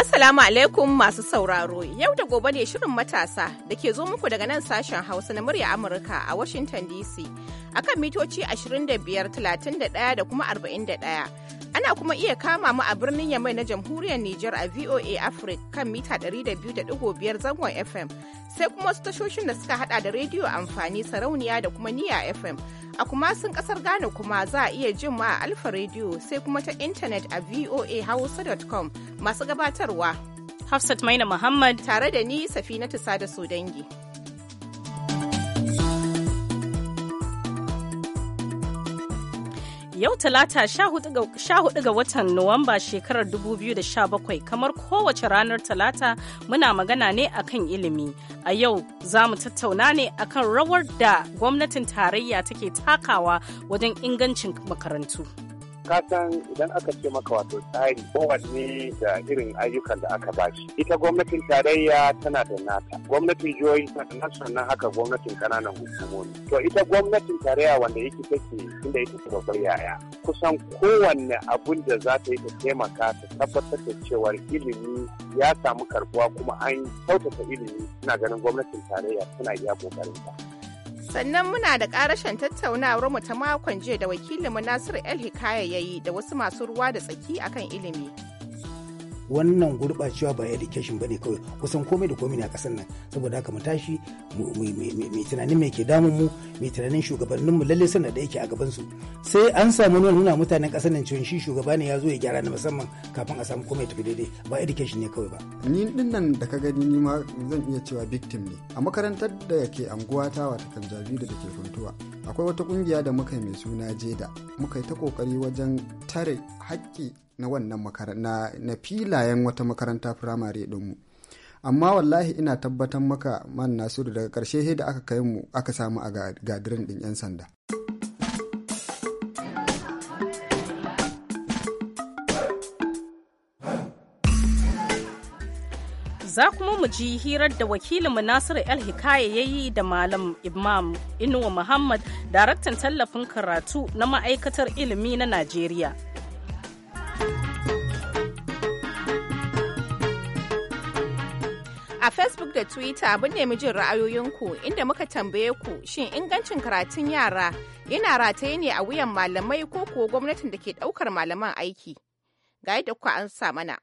Assalamu alaikum masu sauraro, yau da gobe ne shirin matasa da ke zo muku daga nan sashen Hausa na murya Amurka a Washington DC akan mitoci 25, 31 da kuma 41. Ana kuma iya kama mu a birnin Yamai na Jamhuriyar Nijar a VOA Africa kan mita 200.5 zangon FM, sai kuma wasu tashoshin da suka hada da rediyo amfani sarauniya da kuma niya FM. A kuma sun kasar Ghana kuma za a iya jin ma a Alfa Radio sai kuma ta intanet a voahausa.com masu gabatarwa. Hafsat Maina Muhammad tare da ni Safinatu Sada dangi. Yau talata 14 ga watan Nuwamba shekarar 2017 kamar kowace ranar talata muna magana ne akan ilimi. A yau za mu tattauna ne akan rawar da gwamnatin tarayya take takawa wajen ingancin makarantu. san idan aka ce maka wato tsari kowanne da irin ayyukan da aka bashi ita gwamnatin tarayya tana da nata gwamnatin jihohi tana da sannan haka gwamnatin kananan hukumomi to ita gwamnatin tarayya wanda yake take inda yake babbar yaya kusan kowanne abun da za ta yi ta taimaka ta tabbatar da cewar ilimi ya samu karbuwa kuma an kyautata ilimi suna ganin gwamnatin tarayya suna iya kokarin ta sannan muna da karashen tattaunawar mu ta makon jiya da wakilinmu nasiru el hikaya yayi da wasu masu ruwa da tsaki akan ilimi wannan gurɓacewa ba education ba ne kawai kusan komai da komai ne a ƙasar nan saboda haka mu tashi mai tunanin mai ke damun mu mai tunanin shugabannin mu lalle suna da yake a gaban su sai an samu nuna mutanen ƙasar nan cewa shi shugaba ne ya zo ya gyara na musamman kafin a samu komai tafi daidai ba education ne kawai ba ni din nan da ka gani ni ma zan iya cewa victim ne a makarantar da ke anguwa ta wata kanjabi da ke funtuwa akwai wata kungiya da muka mai suna jeda muka yi ta kokari wajen tare haƙƙi na wannan makaranta na filayen wata makaranta firamare ɗinmu amma wallahi ina tabbatar maka man nasiru daga ƙarshe da aka kai mu aka samu a gadirin ɗin 'yan sanda. za kuma mu ji hirar da wakilinmu Nasiru El Hikaya ya yi da Malam Imam Inuwa Muhammad, daraktan tallafin karatu na ma'aikatar ilimi na Najeriya. Facebook da Twitter abin nemi jin ra'ayoyinku inda muka tambaye ku shin ingancin karatun yara yana rataye ne a wuyan malamai ko kuwa gwamnatin da ke daukar malaman aiki. Ga yadda kuka an sa mana.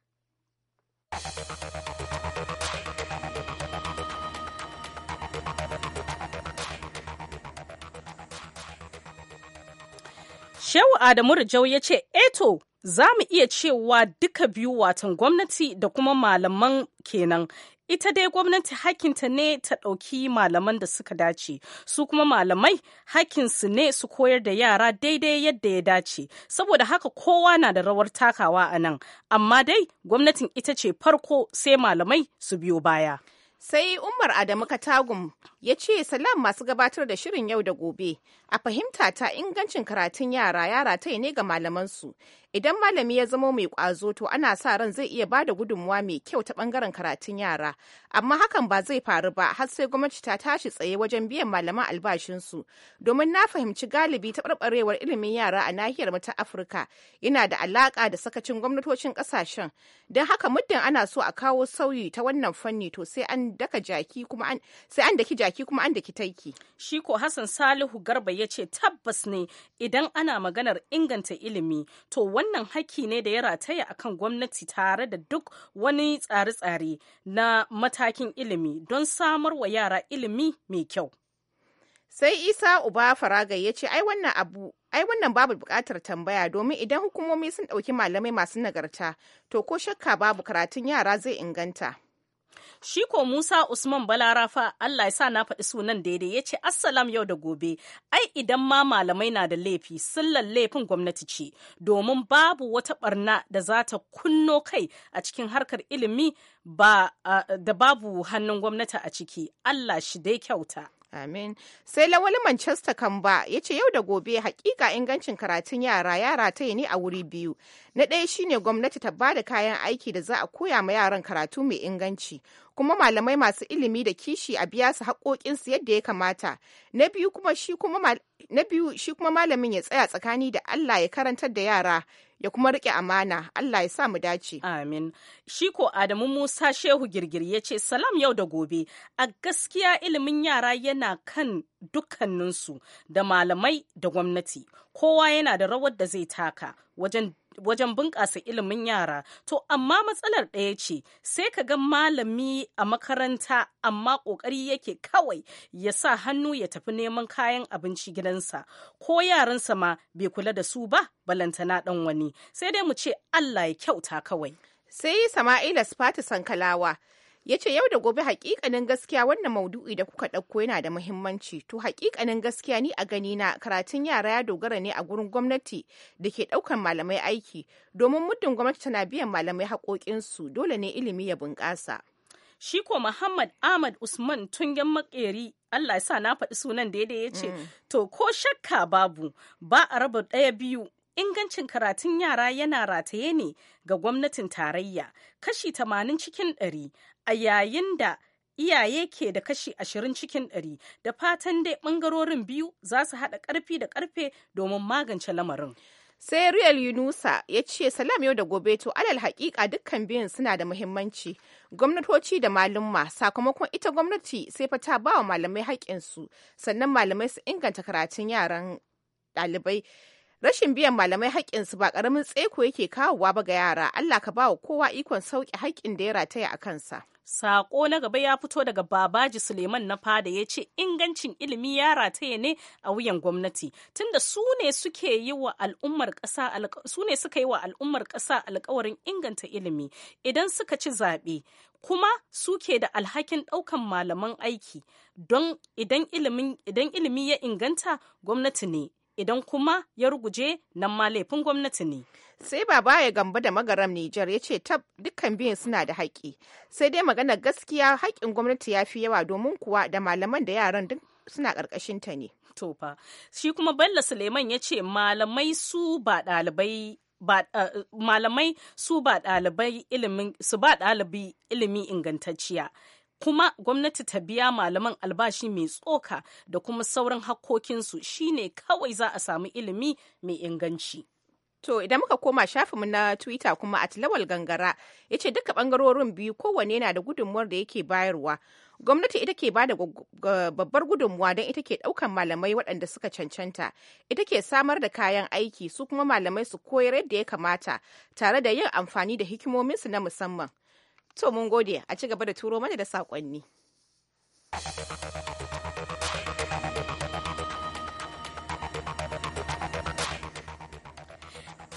Shehu Adamu Rijau ya ce, Eto, eh za mu iya cewa duka biyu watan gwamnati da kuma malaman kenan ita dai gwamnati hakinta ne ta ɗauki malaman da suka dace su kuma malamai hakinsu ne su koyar da yara daidai yadda ya dace saboda haka kowa na da rawar takawa a nan amma dai gwamnatin ita ce farko sai malamai su biyo baya sai umar adamu katagum ya ce salam masu gabatar da shirin yau da gobe a fahimta ta ingancin karatun yara yara ta ne ga malamansu Idan malami ya zama mai kwazo to ana sa ran zai iya bada da gudunmuwa mai kyau ta bangaren karatun yara, amma hakan ba zai faru ba har sai gwamnati ta tashi tsaye wajen biyan malaman albashinsu. Domin na fahimci galibi taɓarɓarewar ilimin yara a nahiyar mu ta Afirka yana da alaka da sakacin gwamnatocin ƙasashen. Don haka muddin ana so a kawo sauyi ta wannan fanni to sai an daka jaki kuma an sai an daki jaki kuma an daki taiki. Shi ko Hassan Salihu Garba ya ce tabbas ne idan ana maganar inganta ilimi to wannan haki ne da ya rataya a kan gwamnati tare da duk wani tsare-tsare na matakin ilimi don samar wa yara ilimi mai kyau. Sai Isa Uba Faraga ya ce, ai wannan abu ai wannan babu bukatar tambaya domin idan hukumomi sun ɗauki malamai masu nagarta to ko shakka babu karatun yara zai inganta. Shi ko Musa Usman Balarafa Allah ya sa na faɗi sunan daidai ya ce Assalam yau da gobe. Ai idan ma malamai na da laifi sun laifin gwamnati ce domin babu wata barna da za ta kunno kai a cikin harkar ilimi ba da babu hannun gwamnati a ciki. Allah shi dai kyauta. Amin. Sai lawali Manchester ba ya ce yau da gobe hakika ingancin karatun yara yara ta yi ne a wuri biyu. Na ɗaya shine gwamnati ta ba da kayan aiki da za a koya ma yaran karatu mai inganci. kuma malamai masu ilimi da kishi a biya su haƙoƙinsu yadda ya kamata na biyu kuma shi kuma na biyu shi kuma malamin ya tsaya tsakani da Allah ya karantar da yara ya kuma riƙe amana Allah ya sa mu dace amin shi ko Adamu Musa Shehu Girgir ya ce salam yau da gobe a gaskiya ilimin yara yana kan dukkaninsu da malamai da gwamnati kowa yana da rawar da zai taka wajen wajen bunƙasa ilimin yara to amma matsalar ɗaya ce sai ka ga malami a makaranta amma ƙoƙari yake kawai ya sa hannu ya tafi neman kayan abinci gidansa ko yaransa ma bai kula da su ba balantana ɗan wani sai dai mu ce allah ya kyauta kawai sai sama'ila fata sankalawa ya ce yau da gobe hakikanin gaskiya wannan maudu'i da kuka ɗauko yana da muhimmanci to hakikanin gaskiya ni a gani na karatun yara ya dogara ne a gurin gwamnati da ke ɗaukan malamai aiki domin muddin gwamnati tana biyan malamai haƙoƙinsu dole ne ilimi ya bunƙasa. shi ko Muhammad Ahmad Usman tungen makeri Allah sa na faɗi sunan daidai ya ce mm. to ko shakka babu ba a raba ɗaya biyu ingancin karatun yara yana rataye ne ga gwamnatin tarayya kashi 80 cikin ɗari a yayin da iyaye ke da kashi ashirin cikin ɗari da fatan dai ɓangarorin biyu za su haɗa ƙarfi da ƙarfe domin magance lamarin. sai real yunusa ya ce salam yau da gobe to alal hakika dukkan biyun suna da muhimmanci gwamnatoci da malumma sakamakon ita gwamnati sai fa ta ba wa malamai haƙƙinsu sannan malamai su inganta karatun yaran ɗalibai rashin biyan malamai haƙƙinsu ba ƙaramin tseko yake kawowa ba ga yara Allah ka bawa kowa ikon sauƙi haƙƙin da ya rataya a kansa. Sako na gaba ya fito daga Babaji Suleiman na fada ya ce ingancin ilimi ya rataye ne a wuyan gwamnati tunda su ne su ne suka yi wa al'ummar ƙasa alƙawarin inganta ilimi idan suka ci zaɓe kuma suke da alhakin ɗaukan malaman aiki don idan ilimi ya inganta gwamnati ne idan kuma ya ruguje nan ma laifin gwamnati ne. Sai baba ya gamba da magaram Nijar ya ce tab dukkan biyan suna da haƙƙi. Sai dai magana gaskiya haƙƙin gwamnati ya fi yawa domin kuwa da malaman da yaran duk suna ƙarƙashin ta ne. To shi kuma Bello Suleiman ya ce malamai su ba ɗalibai eh, malamai su ba ɗalibai ilimi ingantacciya kuma gwamnati ta biya malaman albashi mai tsoka da kuma sauran hakkokinsu shine kawai za a samu ilimi mai inganci. To idan muka koma shafinmu na Twitter kuma a tilawal gangara ya ce duka bangarorin biyu kowanne na da gudunmuwar da yake bayarwa. Gwamnati ita ke bada babbar gudunmuwa don ita ke ɗaukan malamai waɗanda suka cancanta, ita ke samar da kayan aiki su kuma malamai su koyar yadda ya kamata tare da yin amfani da hikimominsu na musamman. To mun gode a ci gaba da turo mana da saƙonni.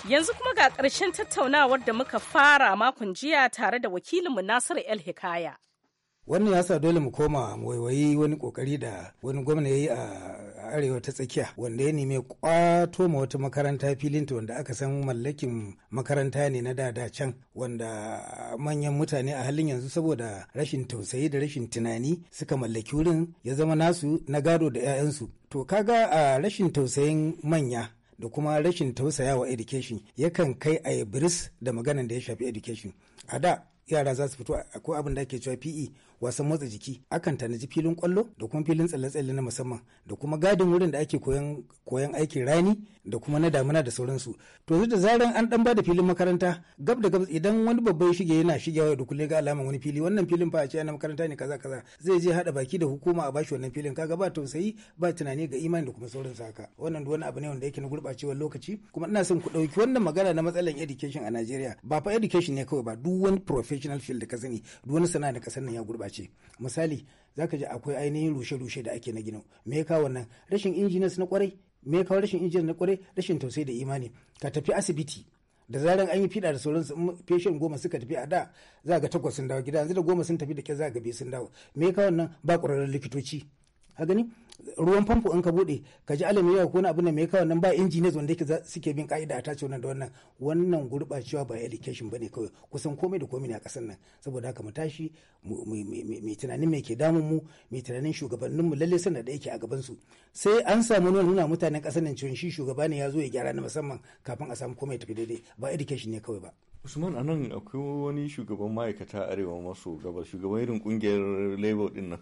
Yanzu kuma ga ƙarshen tattaunawar da muka fara makon jiya tare da wakilinmu Nasiru El Hikaya. wannan ya sa dole mu koma mu waiwayi wani kokari da wani gwamna ya yi a arewa ta tsakiya wanda ya nemi kwato ma wata makaranta filin ta wanda aka san mallakin makaranta ne na dada can wanda manyan mutane a halin yanzu saboda rashin tausayi da rashin tunani suka mallaki wurin ya zama nasu na gado da 'ya'yansu to kaga a rashin tausayin manya da kuma rashin tausayawa education yakan kai a biris da maganan da ya shafi education a da yara za su fito akwai abin da ake cewa pe wasan motsa jiki akan tanaji filin kwallo da kuma filin tsalle-tsalle na musamman da kuma gadin wurin da ake koyan koyan aikin rani da kuma na damuna da sauransu to da zaran an dan bada filin makaranta gab da gab idan wani babba ya shige yana shigewa da kullum ga alaman wani fili wannan filin fa a ce na makaranta ne kaza kaza zai je hada baki da hukuma a bashi wannan filin kaga ba tausayi ba tunani ga imani da kuma sauransu haka wannan wani abu ne wanda yake na gurbacewar lokaci kuma ina son ku dauki wannan magana na matsalan education a Najeriya ba fa education ne kawai ba duk wani professional field da ka sani duk wani sana'a da ka sani ya gurbace ce misali ka ji akwai ainihin rushe-rushe da ake na ginin me ya kawo wannan rashin injiniyan na kwarai me ya kawo rashin injiniyan na kwarai rashin tausayi da imani ka tafi asibiti da zaran an yi fiɗa da sauransu feshin goma suka tafi a da za ga takwas sun dawo gida yanzu da goma sun tafi da ke za ga biyu sun dawo me ya kawo wannan ba ƙwararren likitoci a gani ruwan famfo in ka bude ka ji alami yau ko na abu ne mai kawai nan ba engineers wanda yake suke bin ka'ida a tace wannan da wannan wannan gurbacewa ba education bane kawai kusan komai da komai ne a kasar nan saboda haka mu tashi mai tunanin me ke damun mu mai tunanin shugabannin mu lalle suna da yake a gaban su sai an samu nuna mutanen kasar nan cewa shi shugaba ne ya zo ya gyara na musamman kafin a samu komai tafi daidai ba education ne kawai ba usman anan akwai wani shugaban ma'aikata arewa maso gabas shugaban irin kungiyar labor din nan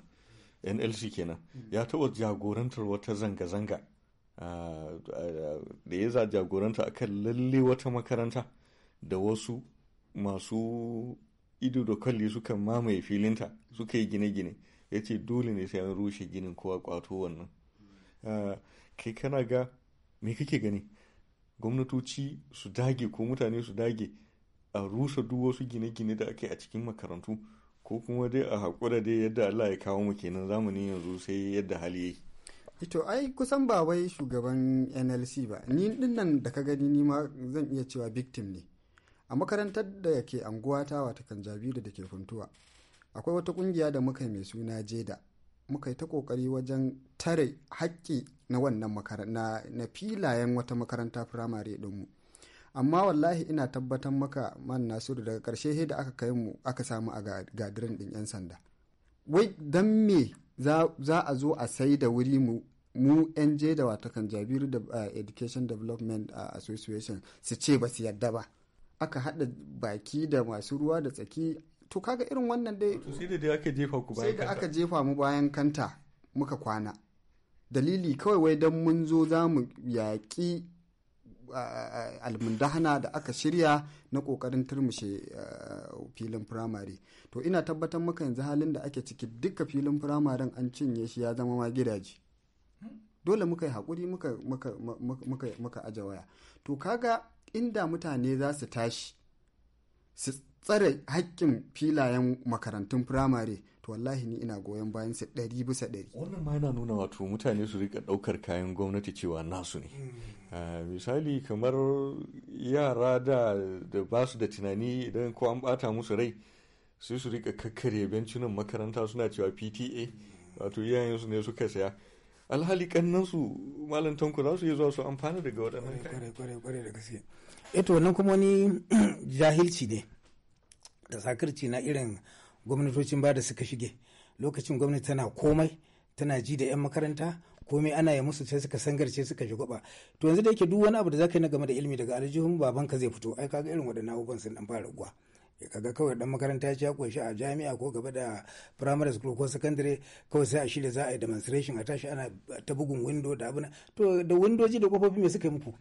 nlc kenan hmm. ya taɓa jagorantar wata zanga-zanga ah, ah, da ya za jagoranta kan lalle wata makaranta da wasu masu ido da kalli suka mamaye filinta suka yi gine-gine ya ce dole ne sai an rushe ginin kowa kwato wannan ah, kai kana ga me kake gani gwamnatoci su dage ko mutane su dage a rusa duk wasu gine-gine da ake a cikin makarantu ko kuma dai a haƙura dai yadda Allah ya kawo mu kenan zamani yanzu sai yadda hali yake ito eh ai kusan ba wai shugaban nlc ba ni dinnan da ka gani ni ma zan iya cewa victim ne a makarantar da ke anguwata wata kan jabiru da ke funtuwa akwai wata kungiya da muka mai suna jeda muka yi ta kokari wajen tare haƙƙi na wannan makaranta na filayen wata makaranta firamare ɗinmu amma wallahi ina tabbatar maka man nasiru daga karshe da aka kai mu aka samu a gadirin din yan sanda wai dan me za a zo a sai da wuri mu mu yan da wata kan jabiru da eh, education development eh, association su ce ba su yadda ba aka haɗa baki da masu ruwa da tsaki to kaga irin wannan dai jefa sai da aka jefa mu bayan kanta muka kwana dalili kawai wai don mun zo za mu yaƙi almundahana da aka shirya na kokarin turmushe filin firamare to ina tabbatar maka yanzu halin da ake ciki duka filin firamaren an cinye shi ya zama ma gidaje dole muka yi haƙuri muka aja waya to kaga inda mutane za su tashi su tsare haƙƙin filayen makarantun firamare wallahi ni ina goyon bayan su ɗari bisa ɗari. wannan ma yana nuna wato mutane su rika ɗaukar kayan gwamnati cewa nasu ne hmm. ah, misali kamar yara da da ba su da tunani idan ko an bata musu rai sai su rika kakkare bencinan makaranta suna cewa pta wato iyayensu ne suka saya alhali kannan su malam tanko za su iya zuwa su amfana daga waɗannan kayan kware da gaske eto eh wannan kuma wani jahilci ne da sakirci na irin gwamnatocin ba da suka shige lokacin gwamnati tana komai tana ji da 'yan makaranta komai ana yi musu sai suka sangarce suka shigo ba to yanzu da yake duk wani abu da zaka yi na game da ilimi daga aljihun babanka zai fito ai kaga irin waɗannan abubuwan sun dan fara guwa kaga kawai dan makaranta ya kunshi a jami'a ko gaba da primary school ko secondary kawai sai a shirya za a yi demonstration a tashi ana ta bugun window da abuna to da windoji da kofofi me suka yi muku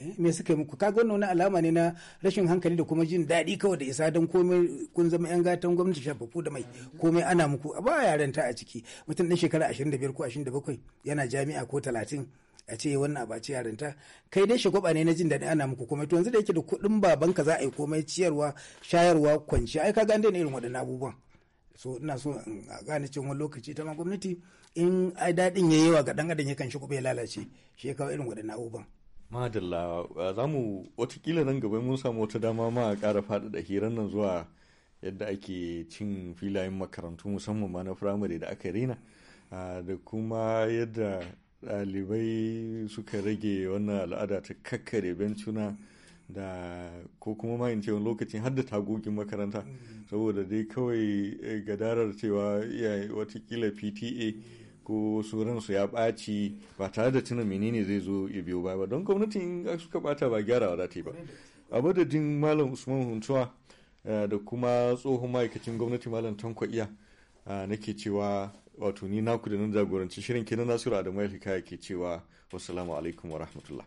Eh, me suka yi muku kaga wannan wani alama ne na rashin hankali da kuma jin daɗi kawai da isa don komai kun zama yan gatan gwamnati shafafu da mai komai ana muku a ba yaren ta a ciki mutum ɗan shekara 25 ko 27 yana jami'a ko 30 a ce wannan abu a yaren ta kai dai shagwaba ne na jin daɗi ana muku komai to yanzu da yake da kuɗin babanka za a yi komai ciyarwa shayarwa kwanciya ai kaga an daina irin waɗannan abubuwan so ina so in gane cewa wani lokaci ta ma gwamnati in ai daɗin ya yi wa ga ɗan adam kan shi kuɓe lalace shi ya kawo irin waɗannan abubuwan madalla za mu watakila nan gaba mun samu wata dama ma a fada faɗaɗa hirar nan zuwa yadda ake cin filayen makarantu musamman ma na firamare da aka rena da kuma yadda ɗalibai suka rage wannan al'ada ta kakkare bencuna da ko kuma ma in ce wani lokacin har da tagogin makaranta mm. saboda dai kawai eh, gadarar cewa watakila pta ko su ransu ya ɓaci ba tare da tunan menene zai zo ya biyo ba ba don gwamnati in suka bata ba gyarawa za ba a madadin malam usman huntuwa eh, da kuma tsohon ma'aikacin gwamnati malam tanko iya eh, nake cewa wato ni naku da nan jagoranci shirin kenan nasiru adamu ya ke cewa wasu alaikum wa rahmatullah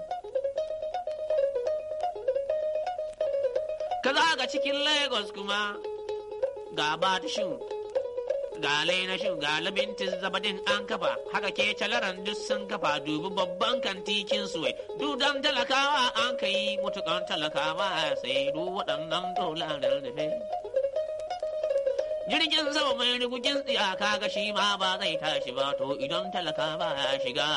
ka za ga cikin lagos kuma ga batishin ga shu. ga labintin zabadin an kafa haka ke calaran duk sun kafa dubi babban kantikin Duk dudan talakawa an ka yi mutukan talakawa sai du waɗannan dolarar da jirgin sama mai rigugin tsiyaka ga shi ma ba zai tashi ba to idan talakawa ya shiga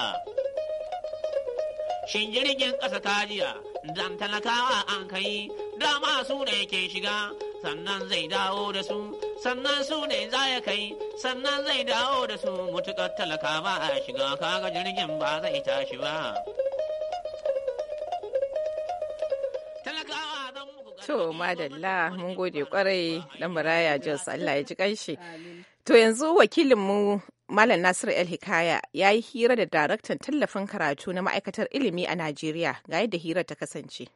shin jirgin ƙasa kajiya dan talakawa an kai dama su ne ke shiga sannan zai dawo da su sannan su ne za ya kai sannan zai dawo da su mutukar talaka ba a shiga kaga jirgin ba zai tashi ba To madalla mun gode kwarai da muraya Jos Allah ya ji kanshi. To yanzu wakilinmu Malam Nasir El Hikaya ya yi hira da daraktan tallafin karatu na ma'aikatar ilimi a Najeriya ga yadda hirar ta kasance.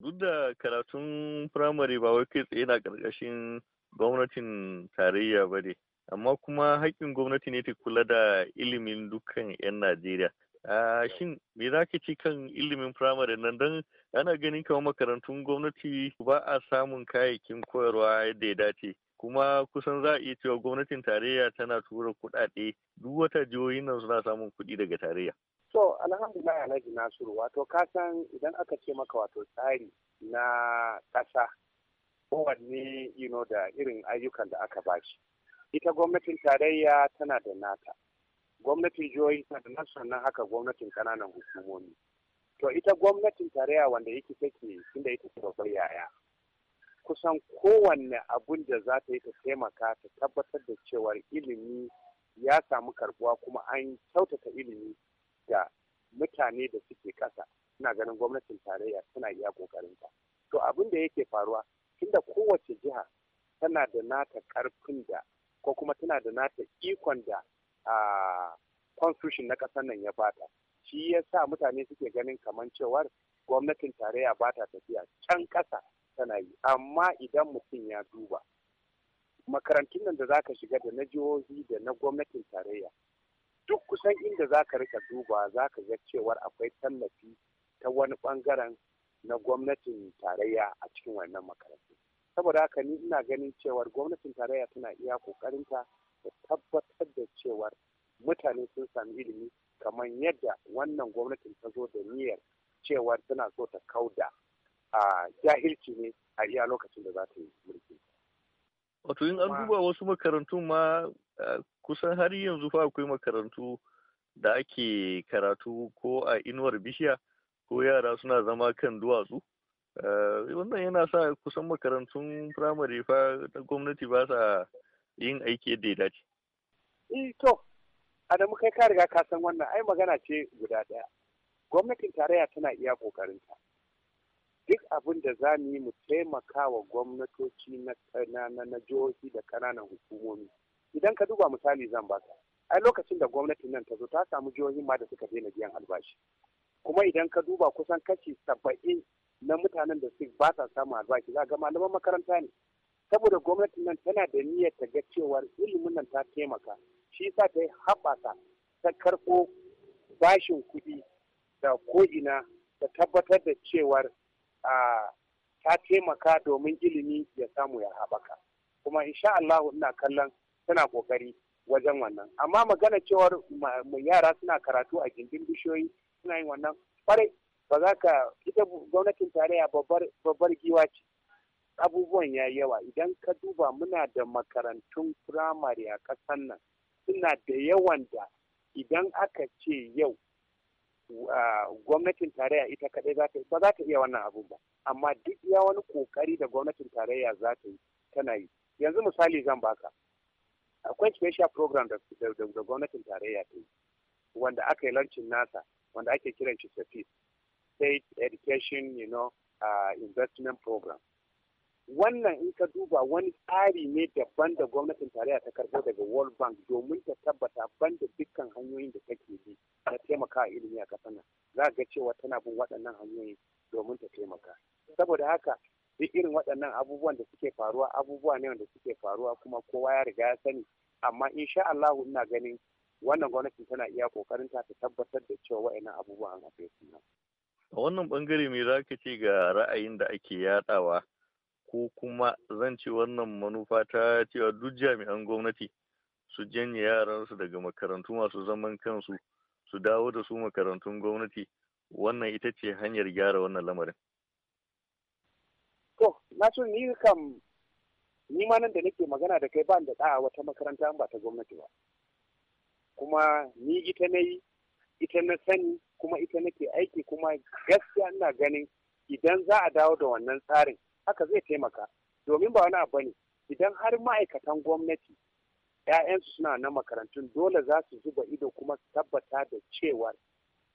duk da karatun firamare ba wai kai tsaye na ƙarƙashin gwamnatin tarayya ba ne amma kuma haƙƙin gwamnati ne ta kula da ilimin dukkan 'yan najeriya shin me za ka ci kan ilimin firamare nan don ana ganin kamar makarantun gwamnati ba a samun kayayyakin koyarwa yadda ya dace kuma kusan za a iya cewa gwamnatin tarayya tana tura kuɗaɗe duk wata jihohin nan suna samun kuɗi daga tarayya To alhamdulillah alhaji Nasiru wato kasan idan aka ce maka wato tsari na ƙasa kowanne you know, da irin ayyukan da aka bashi. Ita gwamnatin tarayya tana da nata, gwamnatin jihohi tana da nasu sannan haka gwamnatin ƙananan hukumomi. To ita gwamnatin tarayya wanda yake take inda ita ke babbar yaya. Kusan kowanne abun da za ta yi ta taimaka ta tabbatar da cewar ilimi ya samu karbuwa kuma an kyautata ilimi da mutane da suke ƙasa suna ganin gwamnatin tarayya suna iya ƙoƙarinta to abin da yake faruwa tunda kowace jiha tana da nata ƙarfin da ko kuma tana da nata ikon da a constitution na ƙasar nan ya bata shi ya sa mutane suke ganin kamar cewar gwamnatin tarayya ba ta tafiya can ƙasa tana yi amma idan mutum ya duba makarantun nan da za ka shiga da na jihohi da na gwamnatin tarayya duk kusan inda za ka rika duba za ka ga cewar akwai tallafi ta wani bangaren na gwamnatin tarayya a cikin wannan makarantu saboda haka ni ina ganin cewar gwamnatin tarayya tana iya kokarinta ta tabbatar da cewar mutane sun sami ilimi kamar yadda wannan gwamnatin ta zo da niyyar cewar tana so ta kauda a jahilci ne a iya lokacin da za ta yi mulki. Wato in an duba wasu makarantun ma kusan har yanzu fa akwai makarantu da ake karatu ko a inuwar bishiya ko yara suna zama kan duwatsu wannan yana sa kusan makarantun firamare fa na gwamnati ba sa yin aiki yadda ya dace. Eh, to adamu kai ka riga ka san wannan ai magana ce guda ɗaya gwamnatin tarayya tana iya ƙoƙarinta duk abin da za mu yi mu taimaka wa gwamnatoci na jihohi da ƙananan hukumomi idan ka duba misali zan baka ai lokacin da gwamnatin nan ta zo ta samu jihohin ma da suka daina biyan albashi kuma idan ka duba kusan kashi saba'in na mutanen da su ba sa samun albashi za ga malaman makaranta ne saboda gwamnatin nan tana da niyyar ta ga cewar ilimin nan ta taimaka shi yasa ta yi haɓaka ta karɓo bashin kuɗi da ko'ina ta tabbatar da cewar ta taimaka domin ilimi ya samu ya haɓaka kuma insha Allah ina kallon Tana kokari wajen wannan amma magana cewar yara suna karatu a gindin bishiyoyi suna yin wannan kwarai ba za ka ita gwamnatin tarayya babbar giwa ce abubuwan ya yawa idan ka duba muna da makarantun firamare a ƙasar nan suna da yawan da idan aka ce yau gwamnatin tarayya ita kaɗai za ta ba za ta iya wannan abu ba amma duk ya wani ƙoƙari da gwamnatin tarayya za ta yi tana yi yanzu misali zan baka akwai special program da da gwamnatin tarayya ta yi wanda aka yi lancin nasa wanda ake kiran shi safi state education you know uh, investment program wannan in ka duba wani tsari ne daban da gwamnatin tarayya ta karbo daga world bank domin ta tabbata ban da dukkan hanyoyin da take bi na taimaka ilimi a ƙasar nan za ga cewa tana bin waɗannan hanyoyi domin ta taimaka saboda haka duk irin waɗannan abubuwan da suke faruwa abubuwa ne wanda suke faruwa kuma kowa ya riga ya sani amma insha Allah ina ganin wannan gwamnati tana iya kokarin ta ta tabbatar da cewa waɗannan abubuwa an haɗe su a wannan bangare me za ka ce ga ra'ayin da ake yaɗawa ko kuma zan ce wannan manufa ta cewa duk jami'an gwamnati su janye yaransu daga makarantu masu zaman kansu su dawo da su makarantun gwamnati wannan ita ce hanyar gyara wannan lamarin To, so ni kam ni ma nan da nake magana da kai ba da ɗa wata makaranta ba ta gwamnati ba. Kuma ni ita na yi, ita na sani, kuma ita nake aiki kuma gaskiya ina ganin idan za a dawo da wannan tsarin haka zai taimaka. Domin ba wani abu ne, idan har ma'aikatan gwamnati ‘ya'yansu suna na makarantun dole za su zuba ido kuma su tabbata da cewa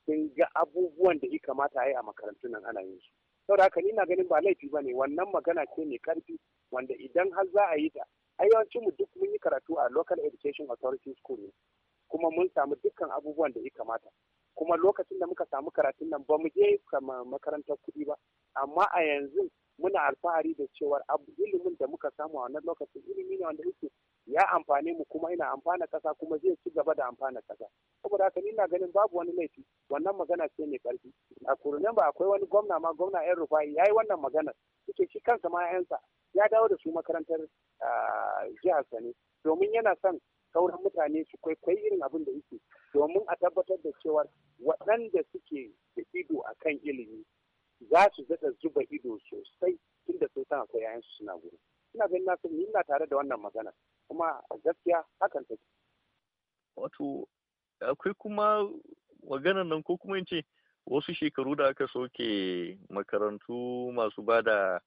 sun ga abubuwan da ya kamata a yi a makarantun nan ana yin su. saboda haka ni na ganin ba laifi ba ne wannan magana ce mai karfi wanda idan har za a yi ta a mu duk mun yi karatu a local education authority school ne kuma mun samu dukkan abubuwan da ya kamata kuma lokacin da muka samu karatun nan ba mu je makarantar kuɗi ba amma a yanzu muna alfahari da cewar ilimin da muka samu a wannan lokacin ilimi ne wanda yake ya amfane mu kuma ina amfana kasa kuma zai ci gaba da amfana kasa saboda haka ni na ganin babu wani laifi wannan magana ce mai karfi a kurunan ba akwai wani gwamna ma gwamna yan rufai ya yi wannan maganar suke shi kansa ma yansa ya dawo da su makarantar ah, jihar Sani. domin yana son sauran mutane su kwaikwayi irin abin da yake domin a tabbatar da cewa waɗanda suke da ido a kan ilimi za su zata zuba ido sosai tunda sun san akwai yayansu suna gudu ina ganin na ina tare da wannan magana kuma gaskiya hakan take wato akwai kuma maganan nan ko kuma in ce wasu shekaru da aka soke makarantu masu ba da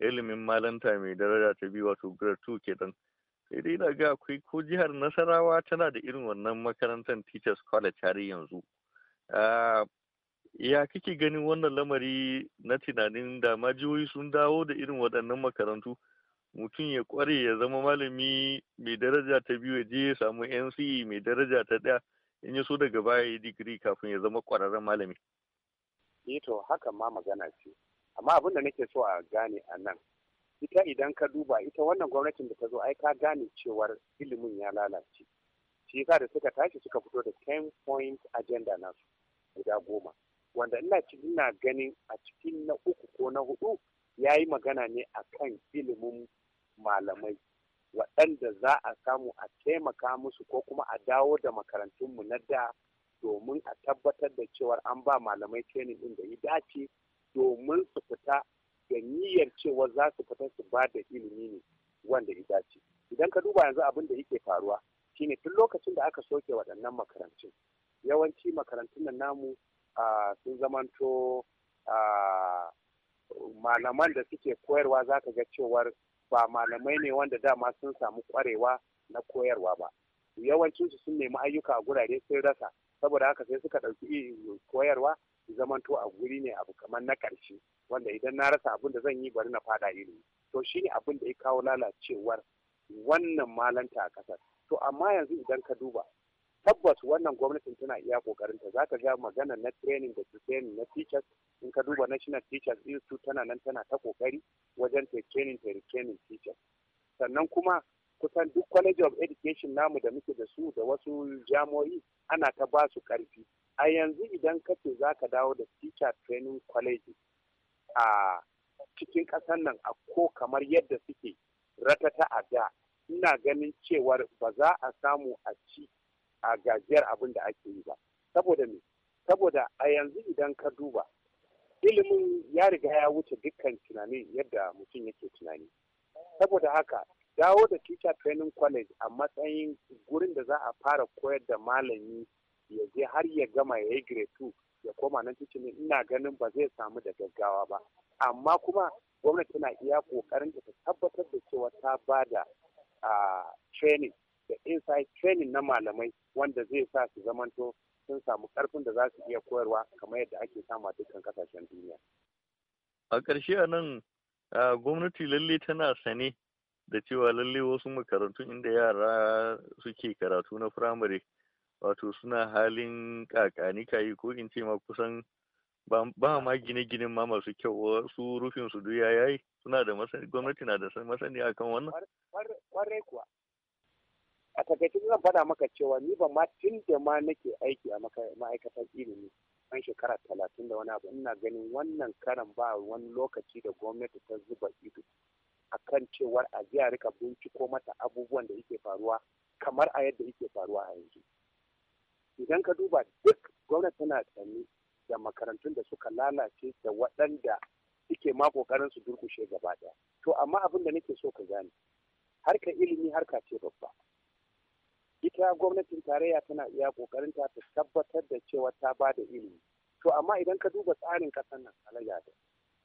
ilimin malanta mai daraja ta biyu wato grade 2 dan sai dai na ga akwai ko jihar nasarawa tana da irin wannan makarantar teachers college har yanzu ya kike ganin wannan lamari na tunanin da majiyoyi sun dawo da irin waɗannan makarantu mutum ya kware ya zama malami mai daraja ta biyu ya je ya samu NCE mai daraja ta ɗaya in ya so daga baya ya digiri kafin ya zama kwararren malami. Eto eh to hakan ma magana ce. Amma abin da nake so a gane a nan ita idan ka duba ita wannan gwamnatin da ta zo ai ka gane cewar ilimin ya lalace. Shi yasa da suka tashi suka fito da 10 point agenda nasu guda goma. Wanda ina ina ganin a cikin na uku ko na hudu ya yi magana ne a kan ilimin malamai waɗanda za a samu a taimaka musu ko kuma a dawo da makarantunmu na da domin a tabbatar da cewar an ba malamai training ɗin da ya dace domin su fita da niyyar cewa za su fita su ba da ilimi ne wanda ya dace idan ka duba yanzu abin da yake faruwa shine tun lokacin da aka soke waɗannan makarantun yawanci makarantun nan namu sun zamanto malaman da suke koyarwa za ka ga cewar ba malamai ne wanda dama sun samu kwarewa na koyarwa ba yawancinsu sun nemi ayyuka a gurare sun rasa saboda haka sai suka ɗauki koyarwa zamanto a guri ne abu kamar na ƙarshe wanda idan na rasa abin da zan yi bari na fada iri, to shi ne abin da ya kawo lalacewar wannan malanta a ƙasar to amma yanzu idan ka duba tabbas wannan gwamnatin tana iya kokarin ta zaka ga magana na training da training na teachers in ka duba national teachers institute tana nan tana ta kokari wajen ta training ta training teachers sannan kuma kusan duk college of education namu da muke da su da wasu jamo'i ana ta ba su karfi a yanzu idan ka ce za ka dawo da teacher training college a cikin ƙasar nan a ko kamar yadda suke ratata a da ina ganin cewar ba za a samu a ci a gajiyar abin da ake yi ba saboda me saboda a yanzu idan ka duba ilimin ya riga ya wuce dukkan tunani yadda mutum yake tunani saboda haka dawo da teacher training college a matsayin gurin da za a fara koyar da malami ya je har ya gama ya yi grade 2 ya koma nan cikin ina ganin ba zai samu da gaggawa ba amma kuma gwamnati tana iya kokarin ta tabbatar da cewa ta bada ah, training da inside training na malamai wanda zai sa su zamanto sun samu karfin da za su iya koyarwa kamar yadda ake sama dukkan kasashen duniya. A ƙarshe a nan gwamnati lalle tana sane da cewa lalle wasu makarantun inda yara suke karatu na firamare wato suna halin kakani kayi ko in ce ma kusan ba ma gine gine ma masu kyau wasu rufin su duya yayi suna da gwamnati na da masani akan wannan kuwa a takaice zan faɗa maka cewa ni ba ma tun da ma nake aiki a ma'aikatar ilimi an shekara talatin da wani abu ina ganin wannan karan ba wani lokaci da gwamnati ta zuba ido a kan cewar a ji a rika binciko mata abubuwan da yake faruwa kamar a yadda yake faruwa a yanzu idan ka duba duk gwamnati tana sani da makarantun da suka lalace da waɗanda suke ma ƙoƙarin su durkushe gaba ɗaya to amma abin da nake so ka gane harkar ilimi harka ce babba ita gwamnatin tarayya tana iya kokarin ta tabbatar da cewa ta ba da ilimi to amma idan ka duba tsarin kasan nan halayya da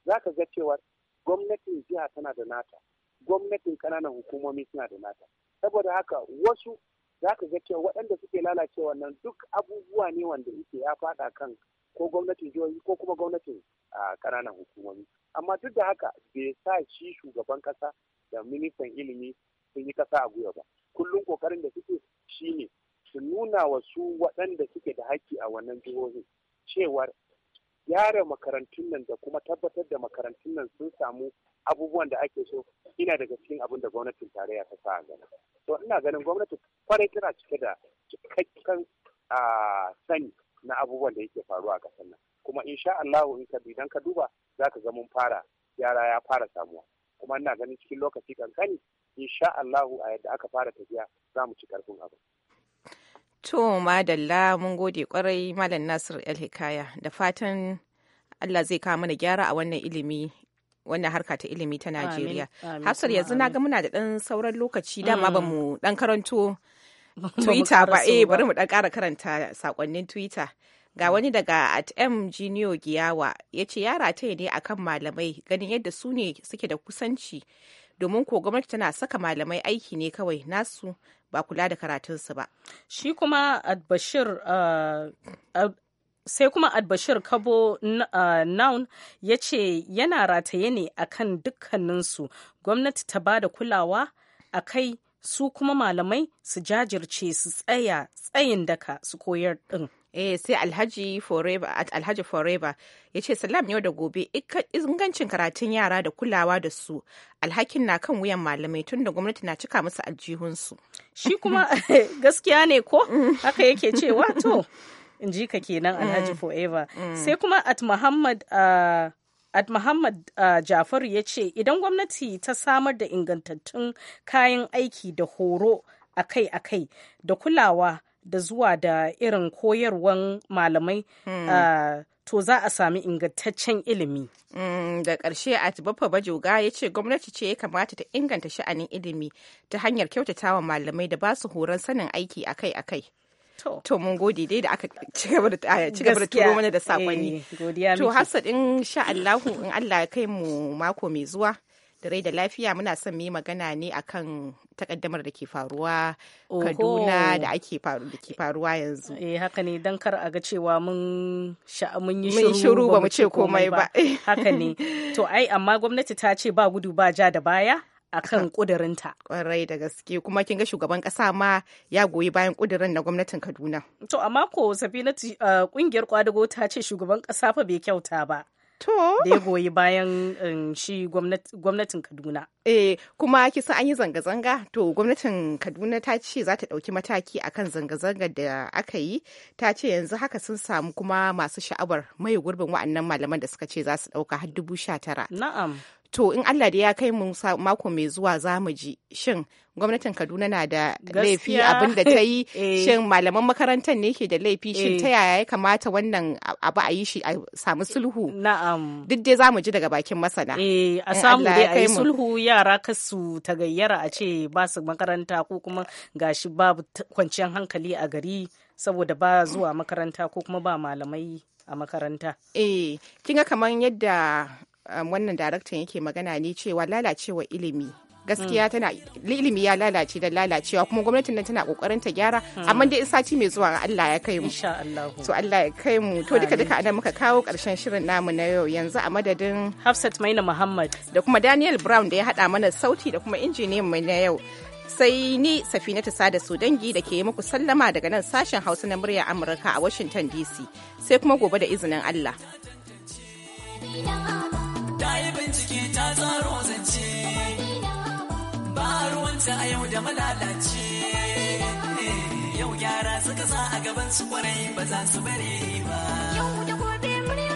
za ka ga cewa gwamnatin jiha tana da nata gwamnatin kananan hukumomi suna da nata saboda haka wasu za ka ga cewa waɗanda suke lalacewa nan duk abubuwa ne wanda yake ya faɗa kan ko gwamnatin jihohi ko kuma gwamnatin kananan hukumomi amma duk da haka bai sa shi shugaban ƙasa da ministan ilimi sun yi ƙasa a gwiwa ba kullum ƙoƙarin da suke shine su nuna wa su waɗanda suke da haƙƙi a wannan jihohin cewar gyara makarantun nan da kuma tabbatar da makarantun nan sun samu abubuwan da ake so ina daga cikin abin da gwamnatin tarayya ta sa a gana. To ina ganin gwamnati kwarai tana cike da cikakken sani na abubuwan da yake faruwa a ƙasar nan. Kuma insha Allah in ka idan ka duba za ka ga mun fara yara ya fara samuwa. Kuma ina ganin cikin lokaci kankani insha Allahu a yadda aka fara tafiya za mu ci karfin abu. To madalla mun gode kwarai Malam Nasir El Hikaya da fatan Allah zai kawo mana gyara a wannan ilimi wannan harka ta ilimi ta Najeriya. Hafsar yanzu na ga muna da ɗan sauran lokaci dama ba mm. mu ɗan karanto Twitter ba eh bari mu ɗan ƙara karanta sakonnin Twitter. ga wani daga at m giyawa ya ce yara ta ne akan malamai ganin yadda su ne suke da kusanci domin ko gwamnati tana saka malamai aiki ne kawai nasu ba kula da karatunsu ba shi kuma bashir uh, uh, sai kuma albashir kabo uh, noun ya ce yana rataye ne akan dukkaninsu gwamnati ta ba da kulawa a kai su kuma malamai su jajirce su tsaya tsayin daka su koyar din. eh sai alhaji forever at alhaji forever ya ce salam yau da gobe ingancin karatun yara da kulawa da su alhakin na kan wuyan malamai tun da gwamnati na cika musu aljihunsu shi kuma gaskiya ne ko haka yake cewa to in ji ka kenan alhaji mm. forever mm. sai kuma at muhammad uh, at Muhammad uh, Jafaru ya ce idan gwamnati ta samar da ingantattun kayan aiki da horo akai-akai da kulawa da zuwa da irin koyarwan malamai hmm. ah, to za a sami ingantaccen ilimi. Hmm, da ƙarshe a bajoga ya ce gwamnati ce ya kamata ta inganta sha'anin ilimi ta hanyar kyautata wa malamai da ba su horon sanin aiki akai-akai. To mun gode dai da aka ci gaba da ah, turo mana da sakonni. Eh, to hasa din sha Allahu in Allah ya kai mu mako mai zuwa. da rai da lafiya muna son mu yi magana ne akan takaddamar da ke faruwa kaduna da ake faru da ke faruwa yanzu eh haka ne dan kar a ga cewa mun mun yi shiru ba mu ce komai ba haka ne to ai amma gwamnati ta ce ba gudu ba ja da baya akan kudurinta kwarai da gaske kuma kin ga shugaban kasa ma ya goyi bayan kudurin na gwamnatin Kaduna to amma ko Safinatu kungiyar eh, kwadago ta ce shugaban kasa fa bai kyauta ba to. da ya goyi bayan um, shi gwamnatin kaduna eh kuma kisa an yi zanga-zanga to gwamnatin kaduna ta ce za ta ɗauki mataki akan zanga zanga da aka yi ta ce yanzu haka sun samu kuma masu sha'awar mai gurbin wa'annan malaman da suka ce za su ɗauka har dubu sha tara na'am to in Allah da ya kai mu mako mai zuwa za mu ji shin gwamnatin Kaduna na da laifi abin da ta yi eh. shin malaman makarantar ne ke da laifi shin eh. ta yaya ya kamata wannan abu a yi shi a samu sulhu na'am duk dai za mu ji daga bakin masana eh a samu dai a yi sulhu yara kasu ta gayyara a ce ba su makaranta ko kuma gashi babu kwanciyar hankali a gari saboda ba zuwa makaranta ko kuma ba malamai a makaranta. Eh, kin ga kamar yadda Um, wannan daraktan yake magana ne cewa lalacewa ilimi gaskiya hmm. tana ilimi ya lalace da lalacewa kuma gwamnatin nan tana kokarin ta gyara hmm. amma dai sati mai zuwa Allah ya kai mu to Allah ya kai mu to duka duka anan muka kawo karshen shirin namu na yau yanzu a madadin Hafsat Maina Muhammad da kuma Daniel Brown da ya hada mana sauti da kuma injiniyan mu na yau sai ni safinatu sada su dangi da ke muku sallama daga nan sashen hausa na murya amurka a washington dc sai kuma gobe da izinin allah baro ba ruwanta a yau da malalace eh, yau gyara suka sa a gaban su kwarai ba za su bare ba yau da gobe murya